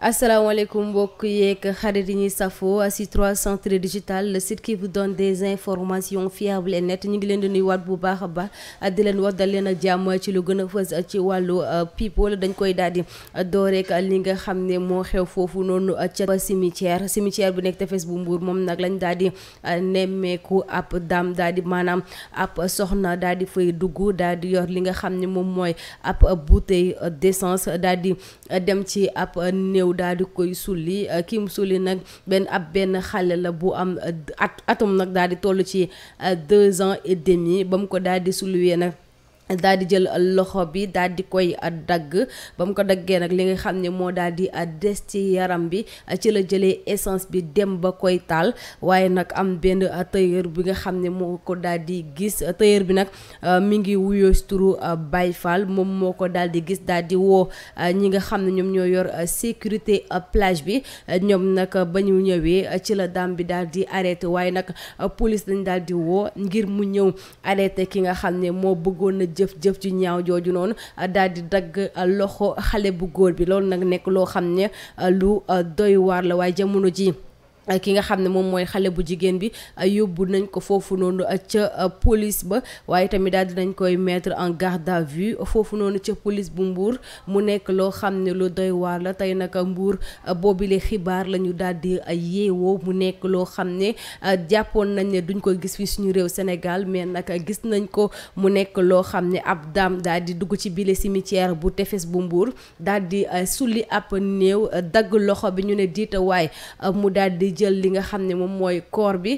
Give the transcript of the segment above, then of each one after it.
asalaamaaleykum mbokk yeeg xarit yi ñuy safoo si 313 digital le site qui vous donne des informations fiables et nettes ñu ngi leen di nuyuwaat bu baax a baax di leen wax dal leen a jàmm ci lu gën a fës ci wàllu euh, people dañ koy daal di door rek li nga xam ne moo xew foofu noonu ca cimetière cimetière bu nekk tefes bu Mbour moom nag lañ daal di euh, nemmeeku ab dam daal di maanaam ab soxna daal di fay dugg daal di yor li nga xam ne moom mooy ab bouteille d'essence daal di euh, dem ci ab néew. ñëw daal di koy sulli eh, ki mu sulli nag benn ab benn xale la bu am eh, at atum nag daal di toll ci eh, deux ans et demi ba ko daal di sulliwee nag daal di jël loxo bi daal di koy dagg ba mu ko daggee nag li nga xam ne moo daal di des ci yaram bi ci la jëlee essence bi dem ba koy taal waaye nag am benn tailleur bi nga xam ne moo ko daal di gis tailleur bi nag euh, mi ngi wuyoo turu euh, Baye Fall moom moo ko daal di gis daal di woo euh, ñi nga xam ne ñoom ñoo yor sécurité plage bi ñoom nag ba ñu ñëwee ci la dame bi daal di arrêté waaye nag police lañ daal di woo ngir mu ñëw arrêté ki nga xam ne moo bëggoon na jëf jëf ju ñaaw jooju noonu uh, daal di dagg uh, loxo xale bu góor bi loolu nag nekk loo xam ne uh, lu doy waar la waaye jamono ji ki nga xam ne moom mooy xale bu jigéen bi yóbbu nañ ko foofu noonu uh, ca uh, police ba waaye tamit daal dinañ koy mettre en garde à vue foofu noonu ca police bu mbuur mu nekk loo xam ne lu doy tey nag mbuur uh, boobile xibaar la ñu daal di yeewoo mu nekk loo xam ne jàppoon nañ ne duñ ko gis fi suñu réew Sénégal mais nag gis nañ ko mu nekk loo xam ne ab daam daal di dugg ci bile cimetière bu tefes bu mbuur daal di sulli ab néew dagg loxo bi ñu ne diita waay mu daal jël li nga xam ne moom mooy koor bi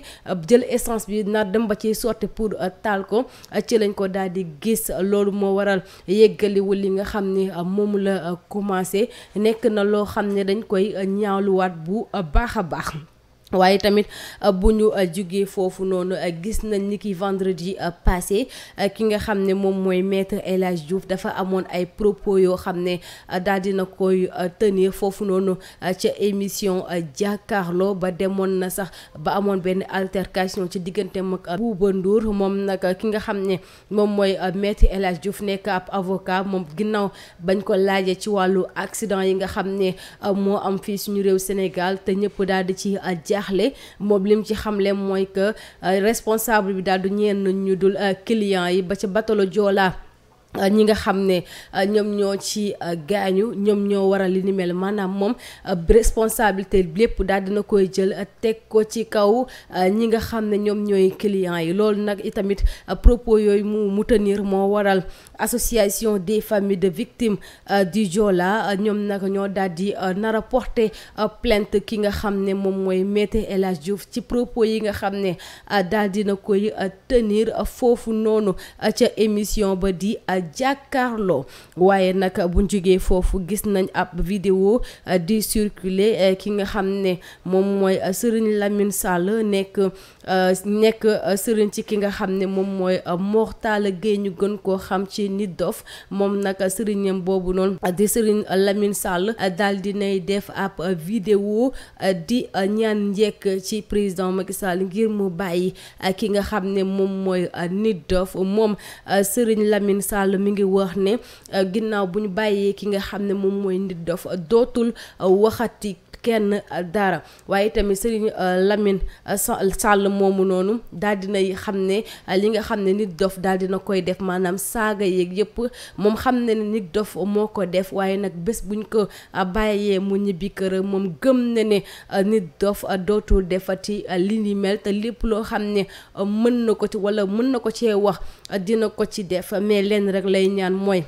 jël essence bi nar dem ba ciy sotte pour euh, taal ko ci lañ ko daal di gis loolu moo waral yeggaliwul li nga xam ne euh, moom la euh, commencé nekk na loo xam ne dañ koy ñaawluwaat bu baax a baax waaye tamit euh, bu ñu euh, jugee foofu noonu euh, gis nañ ni ki vendredi passé ki nga xam ne moom mooy maître El Hadj dafa amoon ay propos yoo xam ne daal na koy tenir foofu noonu ca émission jàkkarloo ba demoon na sax ba amoon benn altercation ci diggante ak Bouba Ndour moom nag ki nga xam ne moom mooy maître El Hadj nekk ab avocat moom ginnaaw bañ ko laajee ci wàllu accident yi nga xam ne moo am fii suñu réew Sénégal te ñëpp daal di ci jaaxle moom lim ci xamle mooy que euh, responsable bi daal du ñenn ñu dul euh, client yi ba ca batalo Joola Euh, ñi nga xam ne euh, ñoom ñoo ci euh, gaañu ñoom ñoo waral li ni maanaam moom responsabilité lépp daal dina koy jël teg ko ci kaw ñi nga xam ne ñoom ñooy clients yi loolu nag itamit propos yooyu mu mu moo waral association des familles de victime di Joola ñoom nag ñoo daal di nar a porter plainte ki nga xam ne moom mooy Maître El Hadji Diouf ci propos yi nga xam ne daal dina koy tenir foofu noonu ca émission ba di jàkkaarloo waaye nag buñ jógee foofu gis nañ ab vidéo euh, di circuler euh, ki nga xam ne moom mooy euh, Serigne Lamine Sall nekk nekk Serigne ci ki nga xam ne moom mooy Mor Talla gën koo xam ci nit dof moom nag sëriñam boobu noonu di Serigne Lamine daal di nay def ab vidéo di ñaan njëkk ci président Macky Sall ngir mu bàyyi ki nga xam ne moom mooy Sall Sall mi ngi wax ne euh, ginnaaw bu ñu bàyyee ki nga xam ne moom mooy nit dof dootul euh, waxatik kenn euh, dara waaye tamit Serigne euh, Lamine euh, Sall moomu noonu daal dinay xam ne li nga xam ne nit dof daal dina koy def maanaam saaga yeeg yëpp moom xam ne ne nit dof moo ko def waaye nag bés buñ ko bàyyee mu ñibbi këram moom gëm na ne nit dof dootul defati li ni mel te lépp loo xam ne mën na ko ci wala mën na ko cee wax dina ko ci def mais lenn rek lay ñaan mooy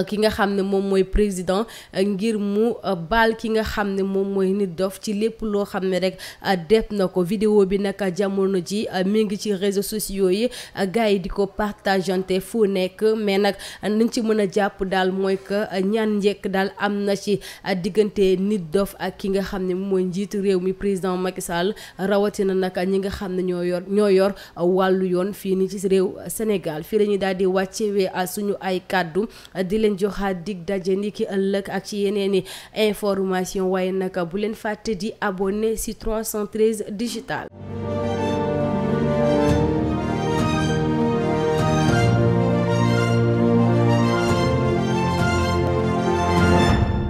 ki nga xam ne moom mooy président euh, ngir mu euh, baal ki nga xam ne moom mooy nit dof ci lépp loo xam ne rek euh, def na ko vidéo bi nag jamono ji mi ngi ci réseaux sociaux yi gars yi di ko partagante fu nekk mais nag nañ ci mën a jàpp daal mooy que ñaan njekk daal am na ci diggante nit dof ak ki nga xam ne mooy njiitu réew mi président Macky Sall rawatina nag ñi nga xam ne ñoo yor ñoo yor wàllu yoon fii ni ci réew Sénégal fii la ñuy daal di suñu ay kàddu di leen joxaat dig daje ni ki ëllëg ak ci yeneen i information waaye naka bu leen fàtte di abonne si 313 digital